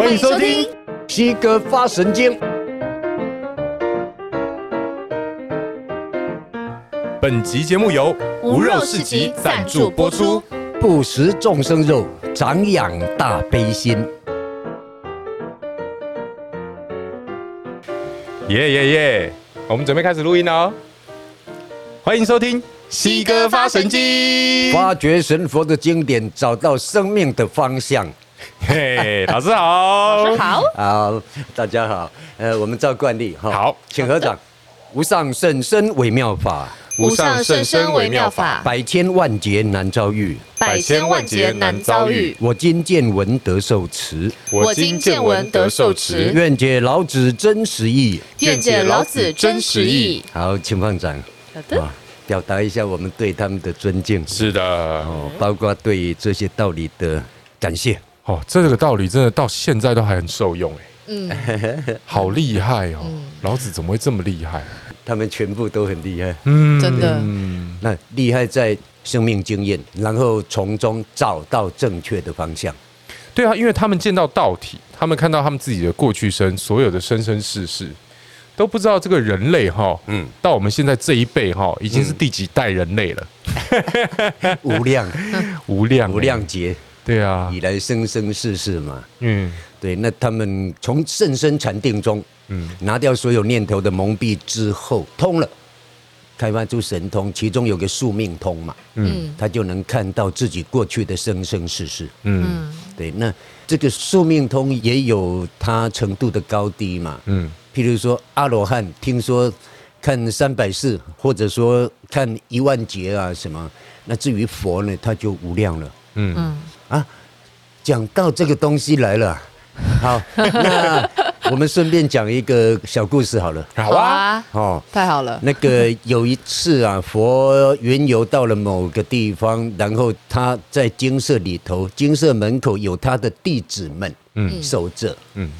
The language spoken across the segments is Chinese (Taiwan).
歡迎收聽《西哥發神經》。經本集節目由無肉市集贊助播出。不食眾生肉，長養大悲心。耶耶耶！我們準備開始錄音哦。歡迎收聽《西哥發神經》神經，挖掘神佛的經典，找到生命的方向。嘿，老師好，老師好，好，大家好，呃，我們照慣例哈，好，請合掌，無上甚深微妙法，無上甚深微妙法，百千萬劫難遭遇，百千萬劫難遭遇，我今見聞得受持，我今見聞得受持，願解老子真實意，願解老子真實意，好，請放掌，好的，表達一下我們對他們的尊敬，是的，哦，包括對這些道理的感謝。哦，這個道理真的到現在都還很受用哎，嗯，好厲害哦，嗯、老子怎麼會這麼厲害、啊？他們全部都很厲害，嗯，真的。那厲害在生命經驗，然後從中找到正確的方向。對啊，因為他們見到道體，他們看到他們自己的過去生，所有的生生世世都不知道這個人類哈，嗯，到我們現在這一輩哈，已經是第幾代人類了？嗯、 無量、啊、無量無量劫。對啊，以來生生世世嘛，嗯，對，那他們從甚深禪定中，嗯，拿掉所有念頭的蒙蔽之後，通了，開發出神通，其中有個宿命通嘛，嗯，他就能看到自己過去的生生世世，嗯，對，那這個宿命通也有它程度的高低嘛，嗯，譬如說阿羅漢，聽說看三百世，或者說看一萬劫啊什麼，那至於佛呢，他就無量了。嗯嗯啊，講到這個東西來了，啊，好，那我們順便講一個小故事好了。好啊，哦，太好了。那個有一次啊，佛雲遊到了某個地方，然後他在精舍裡頭，精舍門口有他的弟子們，嗯，守着，嗯，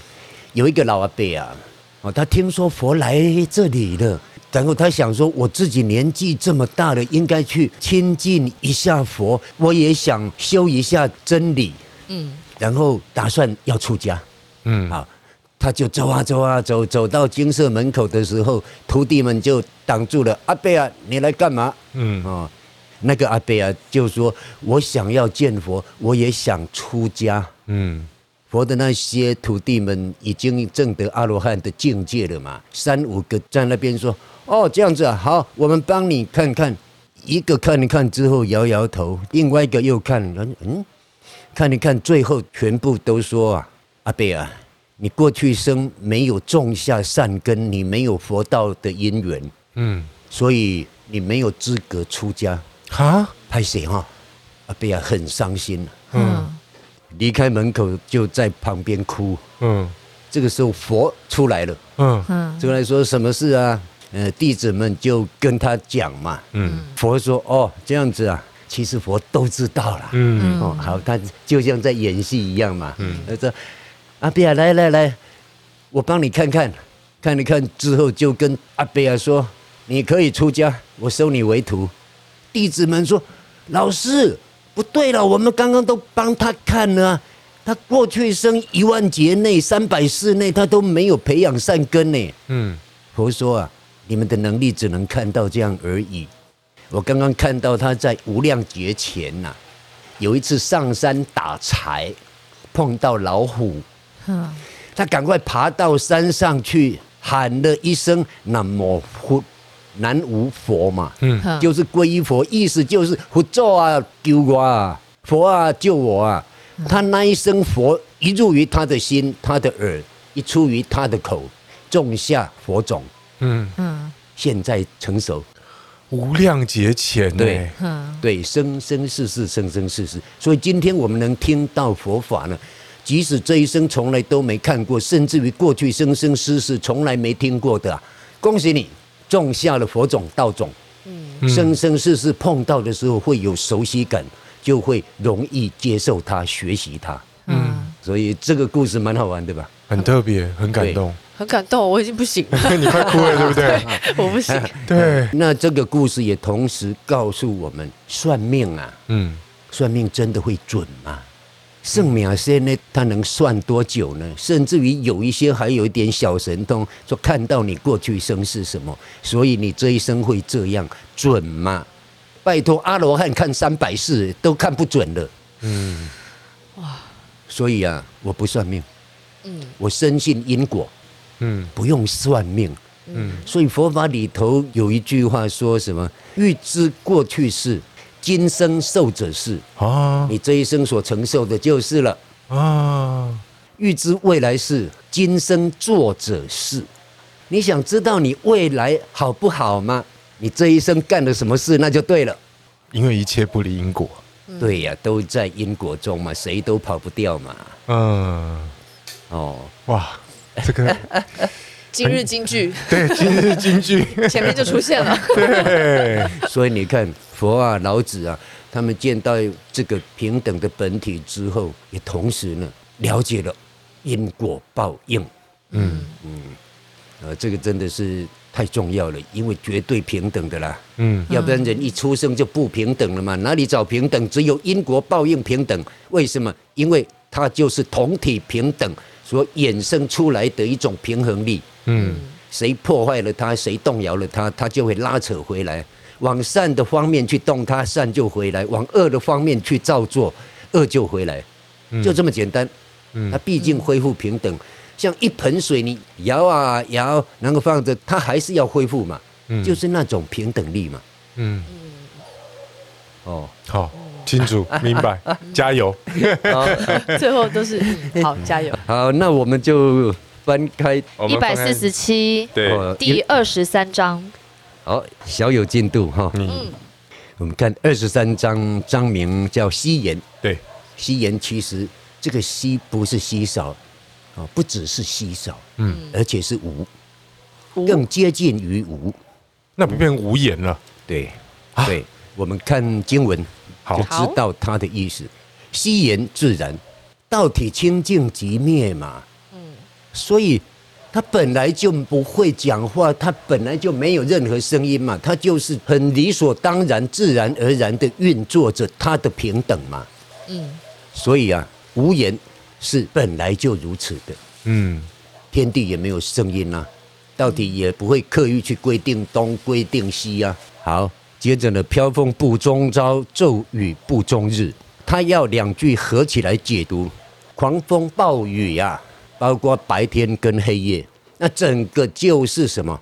有一個老阿伯啊，哦，他聽說佛來這裡了。然後他想說，我自己年紀這麼大了，應該去親近一下佛，我也想修一下真理，嗯，然後打算要出家，嗯，好，他就走啊走啊走，走到精舍門口的時候，徒弟們就擋住了，阿伯啊，你來幹嘛？嗯哦，那個阿伯啊就說，我想要見佛，我也想出家，嗯，佛的那些徒弟們已經證得阿羅漢的境界了嘛，三五個在那邊說。哦，這樣子啊，好，我們幫你看看，一個看一看之後搖搖頭，另外一個又看，嗯，看一看，最後全部都說啊，阿伯啊，你過去生沒有種下善根，你沒有佛道的因緣，嗯，所以你沒有資格出家哈，拍誰哈？阿伯啊，很傷心、啊，嗯，離開門口就在旁邊哭，嗯，這個時候佛出來了，嗯嗯，出來說什麼事啊？呃，弟子們就跟他講嘛，嗯，佛說，哦，這樣子啊，其實佛都知道啦，嗯，哦好，他就像在演戲一樣嘛，嗯，他說阿比亞、啊、來來來，我幫你看看，看一看之後就跟阿比亞、啊、說，你可以出家，我收你為徒。弟子們說，老師不對了，我們剛剛都幫他看了、啊，他過去生一萬劫內、三百世內，他都沒有培養善根呢。嗯，佛說啊。你們的能力只能看到這樣而已。我剛剛看到他在無量劫前吶、啊，有一次上山打柴，碰到老虎，他趕快爬到山上去喊了一聲“南無佛”，南無佛嘛，就是皈依佛，意思就是佛祖啊，救我啊，佛啊，救我啊。他那一聲佛一入於他的心，他的耳一出於他的口，種下佛種，嗯嗯。現在成熟，無量劫前對，對，生生世世，生生世世，所以今天我們能聽到佛法呢，即使這一生從來都沒看過，甚至於過去生生世世從來沒聽過的啊，恭喜你種下了佛種道種，嗯，生生世世碰到的時候會有熟悉感，就會容易接受它，學習它，嗯，所以這個故事蠻好玩的吧？很特別，很感動。很感動，我已經不行了。 你快哭了，對不 對？我不行。對，對，那這個故事也同時告訴我們，算命啊，嗯，算命真的會準嗎？算命先生呢，他能算多久呢？甚至於有一些還有一點小神通，說看到你過去生是什麼，所以你這一生會這樣準嗎？嗯，拜托阿羅漢看三百世都看不準了，嗯，哇，所以啊，我不算命，嗯，我深信因果。嗯，不用算命，嗯，所以佛法裡頭有一句話說什麼？欲知過去事，今生受者是啊。你這一生所承受的就是了啊。欲知未來事，今生做者是。你想知道你未來好不好嗎？你這一生幹了什麼事，那就對了。因為一切不離因果。嗯、對呀、啊，都在因果中嘛，誰都跑不掉嘛。嗯，哦，哇。這個、啊啊啊、今日金句，啊、對，今日金句 前面就出現了， 對，所以你看佛啊、老子啊，他們見到這個平等的本體之後，也同時呢了解了因果報應。嗯嗯，呃、嗯啊，這個真的是太重要了，因為絕對平等的啦。嗯，要不然人一出生就不平等了嘛，哪裡找平等？只有因果報應平等。為什麼？因為它就是同體平等。所衍生出來的一種平衡力，嗯，誰破壞了它，誰動搖了它，它就會拉扯回來，往善的方面去動它，它善就回來；往惡的方面去造作，惡就回來，嗯、就這麼簡單。嗯，它畢竟恢復平等，嗯、像一盆水你搖、啊搖，你搖啊搖，能夠放着，它還是要恢復嘛，嗯，就是那種平等力嘛，嗯，哦，好、哦。清楚明白，加油！好 最後都是好，加油！好，那我們就翻開一百四十七，第二十三章。好，小有進度哈。嗯，我們看二十三章，章名叫“希言”。對，“希言”其實這個“希”不是稀少啊，不只是稀少，嗯，而且是無，更接近於無。那不變無言了？對，對，我們看經文。就知道他的意思，希言自然，道體清淨即滅嘛。所以他本來就不會講話，他本來就沒有任何聲音嘛，他就是很理所當然、自然而然的運作着他的平等嘛。所以啊，無言是本來就如此的。嗯，天地也沒有聲音啊，道體也不會刻意去規定東、規定西啊。好。接着呢，飄風不終朝，驟雨不終日。他要兩句合起來解讀，狂風暴雨呀、啊，包括白天跟黑夜，那整個就是什麼？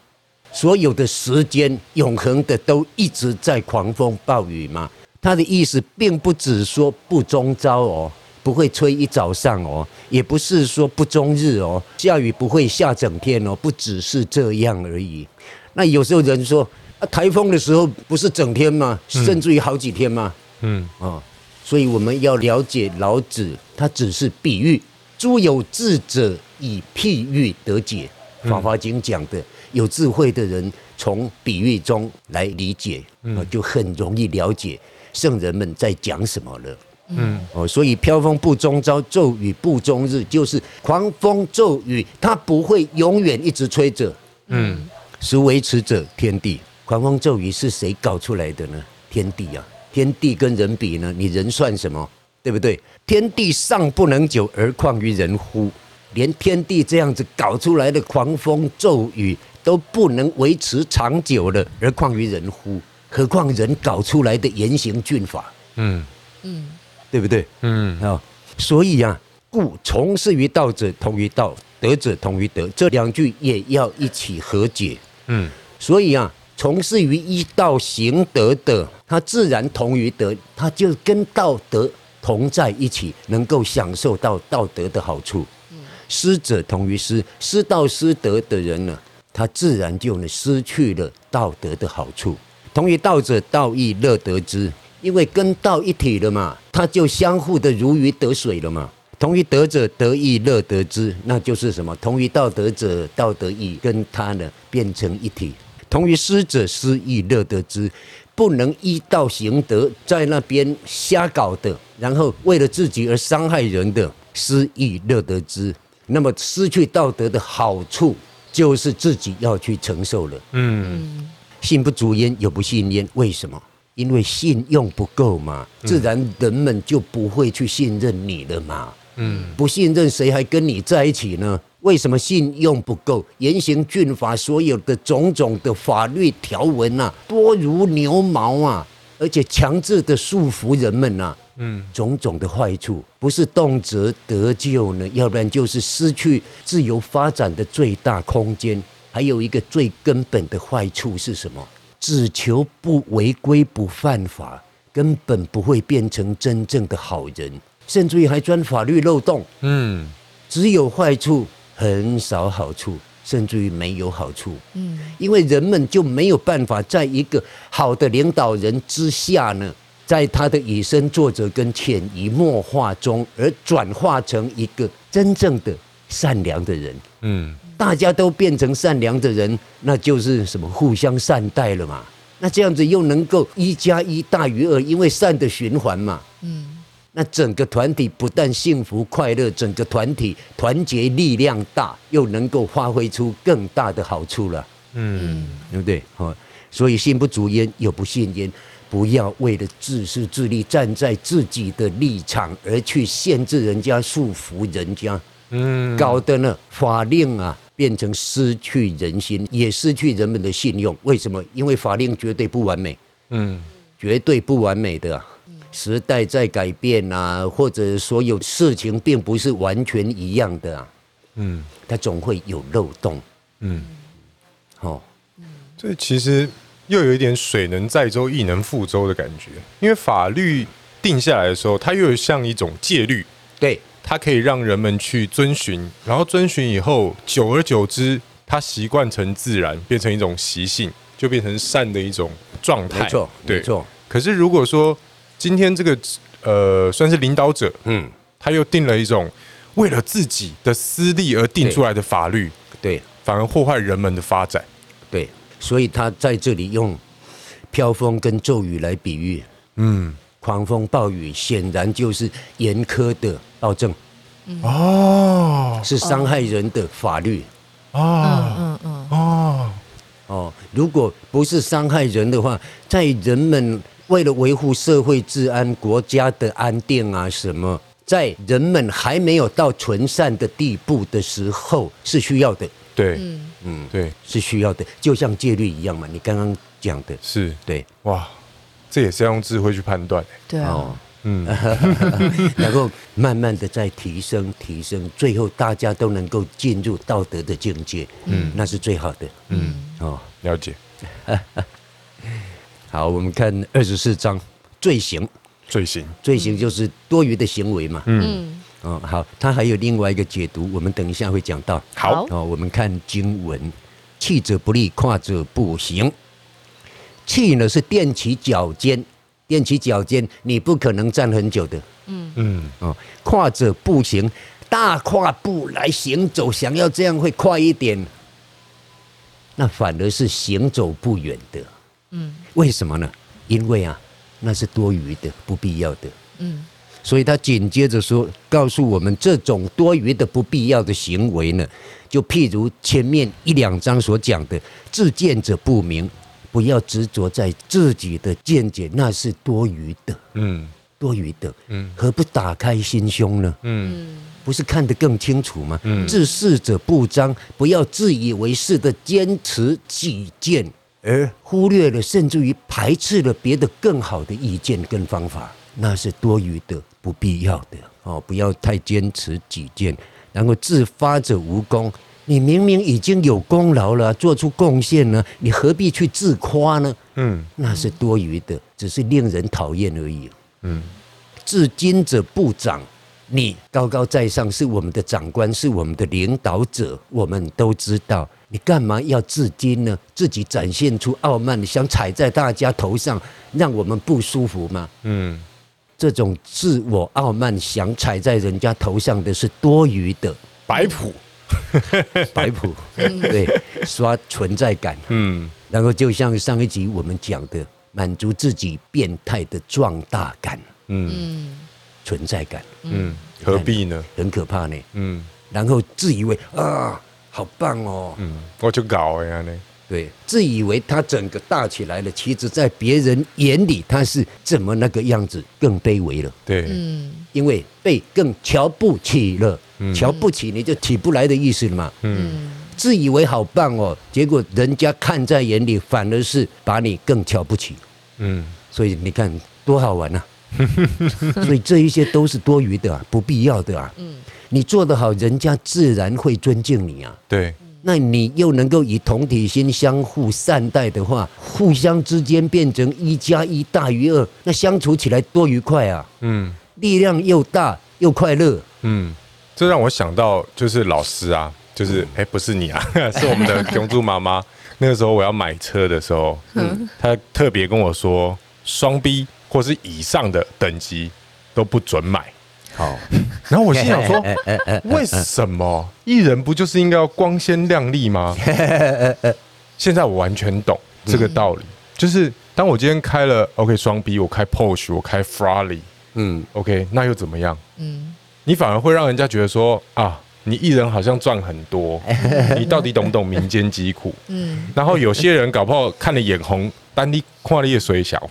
所有的時間，永恆的都一直在狂風暴雨嘛。他的意思並不只說不終朝哦，不會吹一早上哦，也不是說不終日哦，下雨不會下整天哦，不只是這樣而已。那有時候人說。啊，台風的時候不是整天嗎？嗯、甚至於好幾天嗎？嗯哦。所以我們要了解老子，他只是比喻。諸有智者以譬喻得解，《法華經》講的，嗯、有智慧的人從比喻中來理解，啊、嗯哦，就很容易了解聖人們在講什麼了。嗯哦，所以飄風不終朝，驟雨不終日，就是狂風驟雨，它不會永遠一直吹着。嗯，孰為此者？天地。狂風驟雨是誰搞出來的呢？天地啊，天地跟人比呢？你人算什麼，對不對？天地尚不能久，而況於人乎？連天地這樣子搞出來的狂風驟雨都不能維持長久了，而況於人乎？何況人搞出來的嚴刑峻法？嗯嗯，對不對？嗯啊、哦，所以啊，故從事於道者，同於道，德者同於德。這兩句也要一起和解。嗯，所以啊。從事於依道行德的，他自然同於德，他就跟道德同在一起，能夠享受到道德的好處。嗯、失者同於失，失道失德的人呢，他自然就呢失去了道德的好處。同於道者，道亦樂得之，因為跟道一體了嘛，他就相互的如魚得水了嘛。同於德者，德亦樂得之，那就是什麼？同於道德者，道德亦跟他呢變成一體。同於失者，失亦樂得之；不能依道行德，在那邊瞎搞的，然後為了自己而傷害人的，失亦樂得之。那麼失去道德的好處，就是自己要去承受了。嗯，信不足焉，有不信焉。為什麼？因為信用不夠嘛，自然人們就不會去信任你了嘛。嗯，不信任誰還跟你在一起呢？為什麼信用不夠？嚴刑峻法，所有的種種的法律條文吶、啊，多如牛毛啊！而且強制的束縛人們吶、啊，嗯，種種的壞處，不是動輒得咎呢，要不然就是失去自由發展的最大空間。還有一個最根本的壞處是什麼？只求不違規不犯法，根本不會變成真正的好人，甚至於還鑽法律漏洞。嗯，只有壞處。很少好處，甚至於沒有好處。嗯，因為人們就沒有辦法在一個好的領導人之下呢，在他的以身作則跟潛移默化中，而轉化成一個真正的善良的人。嗯，大家都變成善良的人，那就是什麼？互相善待了嘛。那這樣子又能夠一加一大於二，因為善的循環嘛。嗯。那整個團體不但幸福快樂，整個團體團結力量大，又能夠發揮出更大的好處了。嗯，嗯，對不對？好，所以信不足焉，有不信焉。不要為了自私自利，站在自己的立場而去限制人家、束縛人家。嗯，搞得呢，法令啊變成失去人心，也失去人們的信用。為什麼？因為法令絕對不完美。嗯，絕對不完美的啊。時代在改變啊，或者所有事情並不是完全一樣的啊，嗯，它總會有漏洞，嗯，好、哦，這其實又有一點水能載舟，亦能覆舟的感覺，因為法律定下來的時候，它又有像一種戒律，對，它可以讓人們去遵循，然後遵循以後，久而久之，它習慣成自然，變成一種習性，就變成善的一種狀態，沒錯，對沒錯。可是如果說今天這個呃，算是領導者，嗯，他又定了一種為了自己的私利而定出來的法律，對，對，反而破壞人們的發展，對，所以他在這裡用飄風跟驟雨來比喻，嗯，狂風暴雨顯然就是嚴苛的暴政，哦、嗯，是傷害人的法律，哦、嗯，嗯哦，嗯哦，如果不是傷害人的話，在人們。為了維護社會治安、國家的安定啊，什麼，在人們還沒有到純善的地步的時候，是需要的。對，嗯，嗯，對，是需要的，就像戒律一樣嘛。你剛剛講的是對，哇，這也是要用智慧去判斷。對啊，哦、嗯， 然後慢慢的在提升，提升，最後大家都能夠進入道德的境界，嗯，那是最好的。嗯，哦、嗯，了解。啊啊好，我們看二十四章，贅行、贅行，贅行就是多餘的行為嘛。嗯哦，好，他還有另外一個解讀，我們等一下會講到。好，哦，我們看經文，企者不立，跨者不行。企呢是踮起腳尖，踮起腳尖、尖，你不可能站很久的。嗯嗯，哦，跨者不行，大跨步來行走，想要這樣會快一點，那反而是行走不遠的。嗯，為什麼呢？因為啊，那是多餘的、不必要的。嗯，所以他緊接着說，告訴我們這種多餘的、不必要的行為呢，就譬如前面一兩章所講的“自見者不明”，不要執着在自己的見解，那是多餘的。嗯，多餘的。嗯，何不打開心胸呢？嗯，不是看得更清楚嗎？嗯，“自是者不彰”，不要自以為是的堅持己見。而忽略了，甚至於排斥了別的更好的意見跟方法，那是多餘的、不必要的哦！不要太堅持己見，然後自伐者無功。你明明已經有功勞了，做出貢獻了，你何必去自誇呢？嗯，那是多餘的，嗯、只是令人討厭而已。嗯，自矜者不長。你高高在上，是我們的長官，是我們的領導者，我們都知道。你幹嘛要自矜呢？自己展現出傲慢，想踩在大家頭上，讓我們不舒服嗎？嗯，這種自我傲慢，想踩在人家頭上的是多餘的擺譜，擺譜譜， 對，刷存在感。嗯，然後就像上一集我們講的，滿足自己變態的壯大感。嗯，存在感。嗯，何必呢？很可怕呢。嗯，然後自以為啊。好棒哦！嗯，我就搞呀呢。對，自以為他整個大起來了，其實，在別人眼裡，他是怎麼那個樣子，更卑微了。對，嗯，因為被更瞧不起了，瞧不起你就起不來的意思了嘛。嗯，自以為好棒哦、喔，結果人家看在眼裡，反而是把你更瞧不起。嗯，所以你看多好玩吶、啊！ 所以這一些都是多餘的，啊，不必要的啊。你做得好，人家自然會尊敬你啊。對。那你又能夠以同體心相互善待的話，互相之間變成一加一大於二，那相處起來多愉快啊！嗯，力量又大又快樂，嗯。嗯，這讓我想到就是老師啊，就是哎，欸，不是你啊，是我們的熊豬媽媽。 那個時候我要買車的時候，嗯，她特別跟我說：“雙 B。”或是以上的等級都不準買。好，然後我心想說：為什麼藝人不就是應該要光鮮亮麗嗎？現在我完全懂這個道理，就是當我今天開了 OK 雙 B，我開 Porsche，我開 Ferrari 嗯，OK，那又怎麼樣？嗯，你反而會讓人家覺得說：啊，你藝人好像賺很多，你到底懂不懂民間疾苦？嗯，然後有些人搞不好看的眼紅，但你跨的衰小。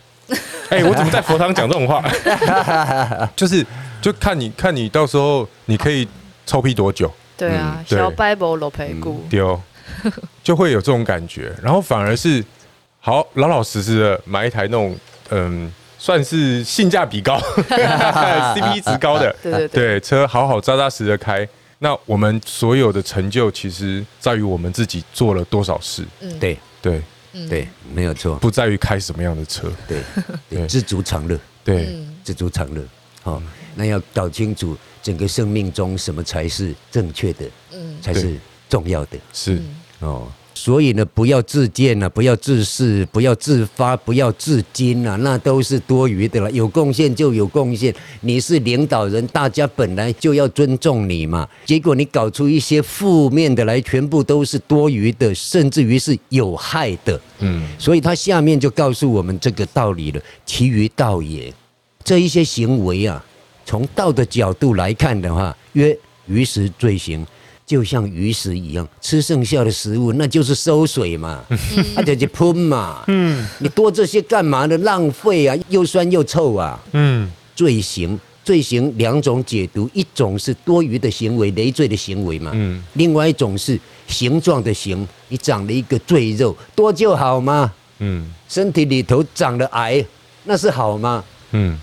哎、欸，我怎麼在佛堂講這種話？ 就是，就看你看你到時候你可以臭屁多久？對啊，嗯、對小 Bible 裸賠股丟，嗯、 就會有這種感覺。然後反而是好老老實實的買一台那種，嗯，算是性價比高、 CP 值高的、 啊、對對,對,對車，好好扎扎實實的開。那我們所有的成就，其實在於我們自己做了多少事。對、嗯、對。嗯、對，沒有錯，不在於開什麼樣的車，對，對 知足常樂，對，嗯、知足常樂，哦，嗯、那要搞清楚整個生命中什麼才是正確的，嗯、才是重要的，是，嗯、哦。所以呢、啊，不要自見了，不要自是，不要自伐，不要自矜了、啊，那都是多餘的了。有貢獻就有貢獻，你是領導人，大家本來就要尊重你嘛。結果你搞出一些負面的來，全部都是多餘的，甚至於是有害的。嗯，所以他下面就告訴我們這個道理了：其余道也，這一些行為啊，從道的角度來看的話，曰餘食贅行。就像餘食一樣，吃剩下的食物，那就是餿水嘛，那、 啊、就去噴嘛。嗯，你多這些幹嘛呢？浪費啊，又酸又臭啊。嗯，贅行贅行兩種解讀，一種是多餘的行為，累贅的行為嘛。嗯，另外一種是形狀的形，你長了一個贅肉，多就好嗎？嗯，身體裡頭長了癌，那是好嗎？嗯，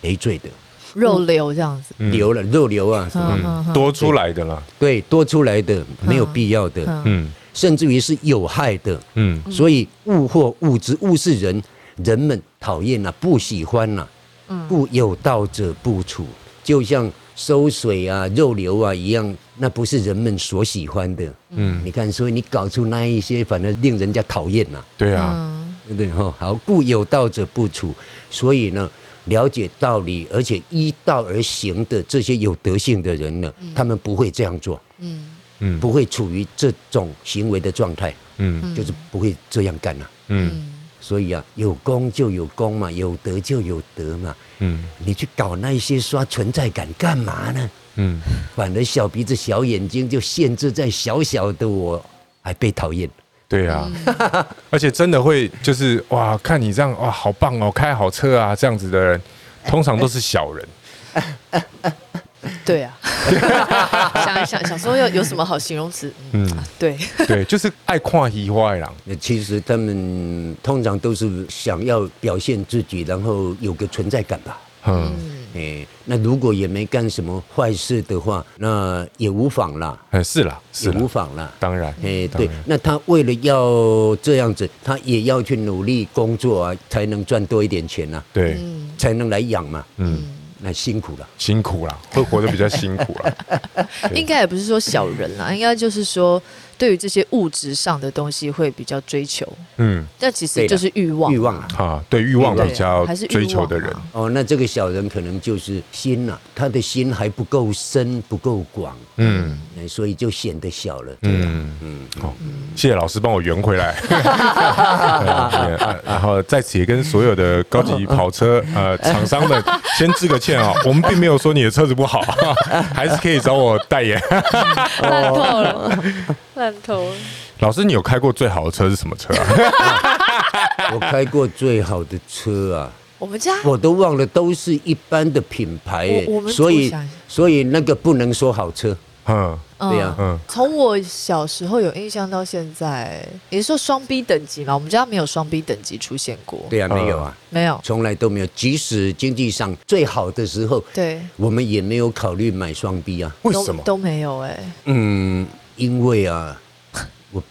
累贅的。肉瘤這樣子瘤了，肉瘤啊，什麼多出來的啦，對，多出來的沒有必要的，嗯，甚至於是有害的，嗯，所以物或惡之，物是人，人們討厭了，不喜歡了，嗯，故有道者不處，就像餿水啊、肉瘤啊一樣，那不是人們所喜歡的，嗯，你看，所以你搞出那一些，反而令人家討厭了，對啊，對吼，好，故有道者不處，所以呢。了解道理，而且依道而行的這些有德性的人呢，嗯、他們不會這樣做，嗯嗯，不會處於這種行為的狀態，嗯，就是不會這樣幹了、啊。嗯，所以啊，有功就有功嘛，有德就有德嘛，嗯，你去搞那些刷存在感幹嘛呢？嗯，反而小鼻子小眼睛就限制在小小的我，我還被討厭。對呀、啊，嗯、而且真的會就是哇，看你這樣哇，好棒哦，開好車啊，這樣子的人，通常都是小人。呃呃呃呃、對呀、啊， 想一想，想說有什麼好形容詞？嗯，嗯啊、對。對，就是愛看戲外啦。其實他們通常都是想要表現自己，然後有個存在感吧。嗯。嗯哎，那如果也沒幹什麼壞事的話，那也無妨啦。是啦，也無妨啦。當然，哎，對，然那他為了要這樣子，他也要去努力工作啊，才能賺多一點錢吶、啊。對，嗯、才能來養嘛。嗯，嗯，那辛苦了，辛苦啦，會活得比較辛苦啦 對應該也不是說小人啦，應該就是說。對於這些物質上的東西會比較追求，嗯，這其實就是欲望，欲望啊，對欲望比較追求的人。哦，那這個小人可能就是心吶，他的心還不夠深，不夠廣，嗯，所以就顯得小了，嗯，好，謝謝老師幫我圓回來。然後在此也跟所有的高級跑車呃廠商們先致個歉啊，我們並沒有說你的車子不好，還是可以找我代言，拜託了。老師，你有開過最好的車是什麼車？我開過最好的車啊，我們家我都忘了，都是一般的品牌，所以所以那個不能說好車，嗯，對呀，嗯，從我小時候有印象到現在，也是說雙 B 等級嘛，我們家沒有雙 B 等級出現過，對啊，沒有啊，沒有，從來都沒有，即使經濟上最好的時候，對，我們也沒有考慮買雙 B 啊，為什麼都沒有？哎，嗯。因為啊，我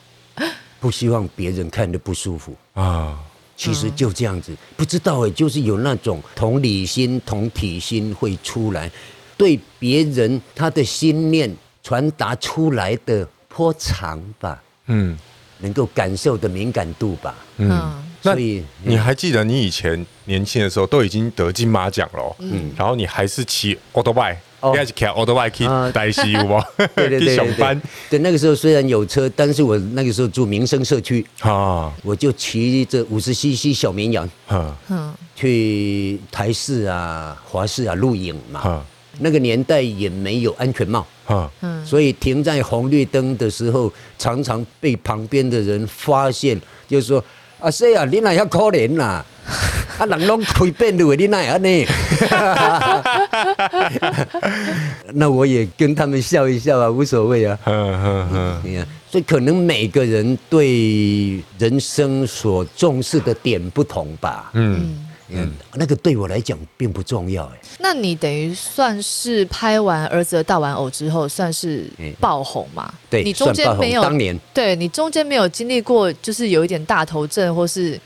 不希望別人看得不舒服啊。哦、其實就這樣子，不知道哎、欸，就是有那種同理心，同體心會出來，對別人他的心念傳達出來的波長吧，嗯，能夠感受的敏感度吧，嗯。所以你還記得你以前年輕的時候都已經得金馬獎了，嗯，然後你還是騎歐兜拜。應該、哦、是騎摩托車去台視、嗯、上班。對，那個時候雖然有車，但是我那個時候住民生社區啊，哦、我就騎着五十 cc 小綿羊啊，哦、去台視啊、華視啊錄影嘛。哦、那個年代也沒有安全帽啊，哦、所以停在紅綠燈的時候，常常被旁邊的人發現，就說啊，誰啊，你那要可憐吶、啊。啊，人攏吹噴的你那 那我也跟他們笑一笑啊，無所謂啊，嗯嗯嗯，你、嗯、看，所以可能每個人對人生所重視的點不同吧，嗯，嗯，嗯，那個對我來講並不重要哎，那你等於算是拍完兒子的大玩偶之後算是爆紅嘛？對，你中間沒有，當年，對你中間沒有經歷過，就是有一點大頭症或是。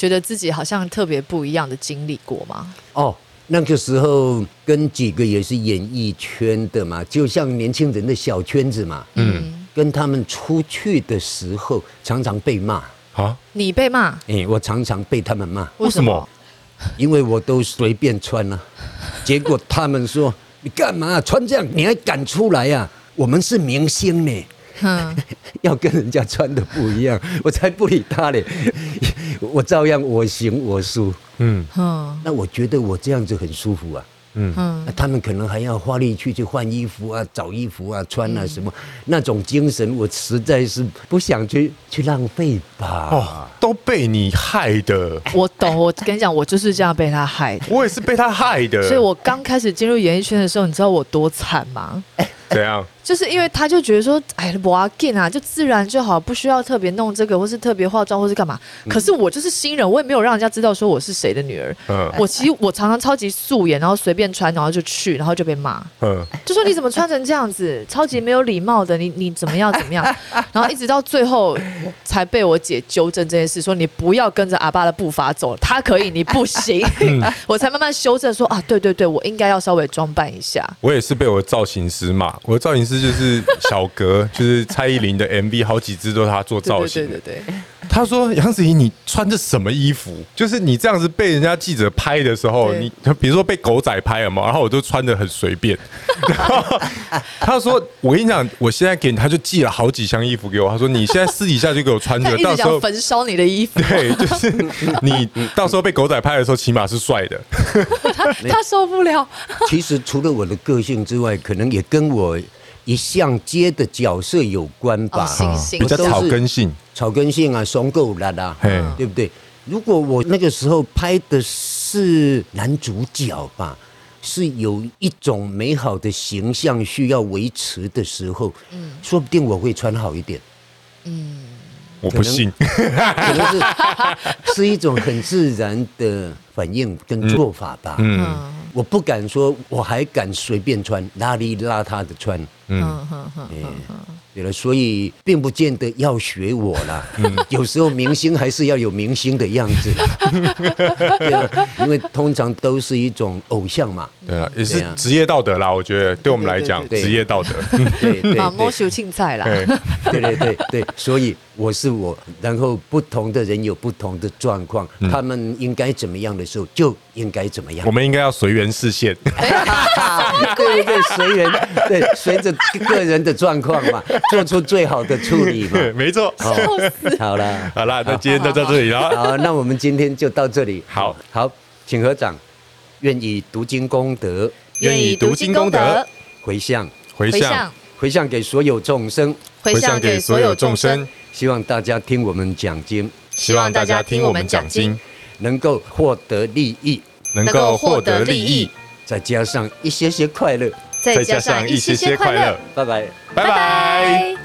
覺得自己好像特別不一樣的經歷過嗎？哦，那個時候跟幾個也是演藝圈的嘛，就像年輕人的小圈子嘛。嗯，跟他們出去的時候，常常被罵啊。你被罵？誒，我常常被他們罵。為什麼？因為我都隨便穿了、啊，結果他們說：“ 你幹嘛穿這樣？你還敢出來呀、啊？我們是明星呢。” 要跟人家穿的不一樣，我才不理他咧，我照樣我行我素。嗯，嗯，那我覺得我這樣子很舒服啊。嗯嗯，他們可能還要花力去去換衣服啊，找衣服啊穿啊什麼，那種精神我實在是不想去去浪費吧。都被你害的。我懂，我跟你講，我就是這樣被他害的。我也是被他害的。所以我剛開始進入演藝圈的時候，你知道我多慘嗎？怎樣？就是因為他就覺得說，哎呀不要緊啊，就自然就好，不需要特別弄這個，或是特別化妝，或是幹嘛。可是我就是新人，我也沒有讓人家知道說我是誰的女兒。嗯。我其實我常常超級素顏，然後隨便穿，然後就去，然後就被罵。嗯。就說你怎麼穿成這樣子，超級沒有禮貌的，你你怎麼樣怎麼樣？然後一直到最後才被我姐糾正這件事，說你不要跟着阿爸的步伐走，他可以，你不行。嗯。我才慢慢修正說啊，對，對對對，我應該要稍微裝扮一下。我也是被我的造型師罵，我的造型師。這就是小格，就是蔡依林的 MV，好幾支都是他做造型的。對，對，對，對，對，對，他說楊子儀，你穿著什麼衣服？就是你這樣子被人家記者拍的時候，對，你比如說被狗仔拍了嘛，然後我就穿的很隨便，然後他說，我跟你講，我現在給你，他就寄了好幾箱衣服給我，他說你現在私底下就給我穿着，到時候焚燒你的衣服。對，就是你到時候被狗仔拍的時候，起碼是帥的。他他受不了。嗯嗯、 其實除了我的個性之外，可能也跟我。一向接的角色有關吧，比較草根性，草根性啊，慫狗啦啦，啊、對不對？如果我那個時候拍的是男主角吧，是有一種美好的形象需要維持的時候，嗯、說不定我會穿好一點，嗯。我不信，可能是是一種很自然的反應跟做法吧。嗯，我不敢說我還敢隨便穿邋裡邋遢的穿。嗯，對了，所以並不見得要學我啦。有時候明星還是要有明星的樣子。對啊，因為通常都是一種偶像嘛。對啊，也是職業道德啦，我覺得對我們來講職業道德。對對，啊，莫秀青菜啦。對對對對，所以。我是我，然後不同的人有不同的狀況，他們應該怎麼樣的時候就應該怎麼樣。我們應該要隨緣示現，對對對，隨緣，對，隨着個人的狀況嘛，做出最好的處理嘛。對，沒錯。好，好了，好了，那今天就到這裡了。好，那我們今天就到這裡。好好，請合掌，願以讀經功德，願以讀經功德回向，回向，回向給所有眾生，回向給所有眾生。希望大家聽我們講經，希望大家聽我們講經，能夠獲得利益，能夠獲得利益，再加上一些些快樂，再加上一些些快樂，拜拜，拜拜。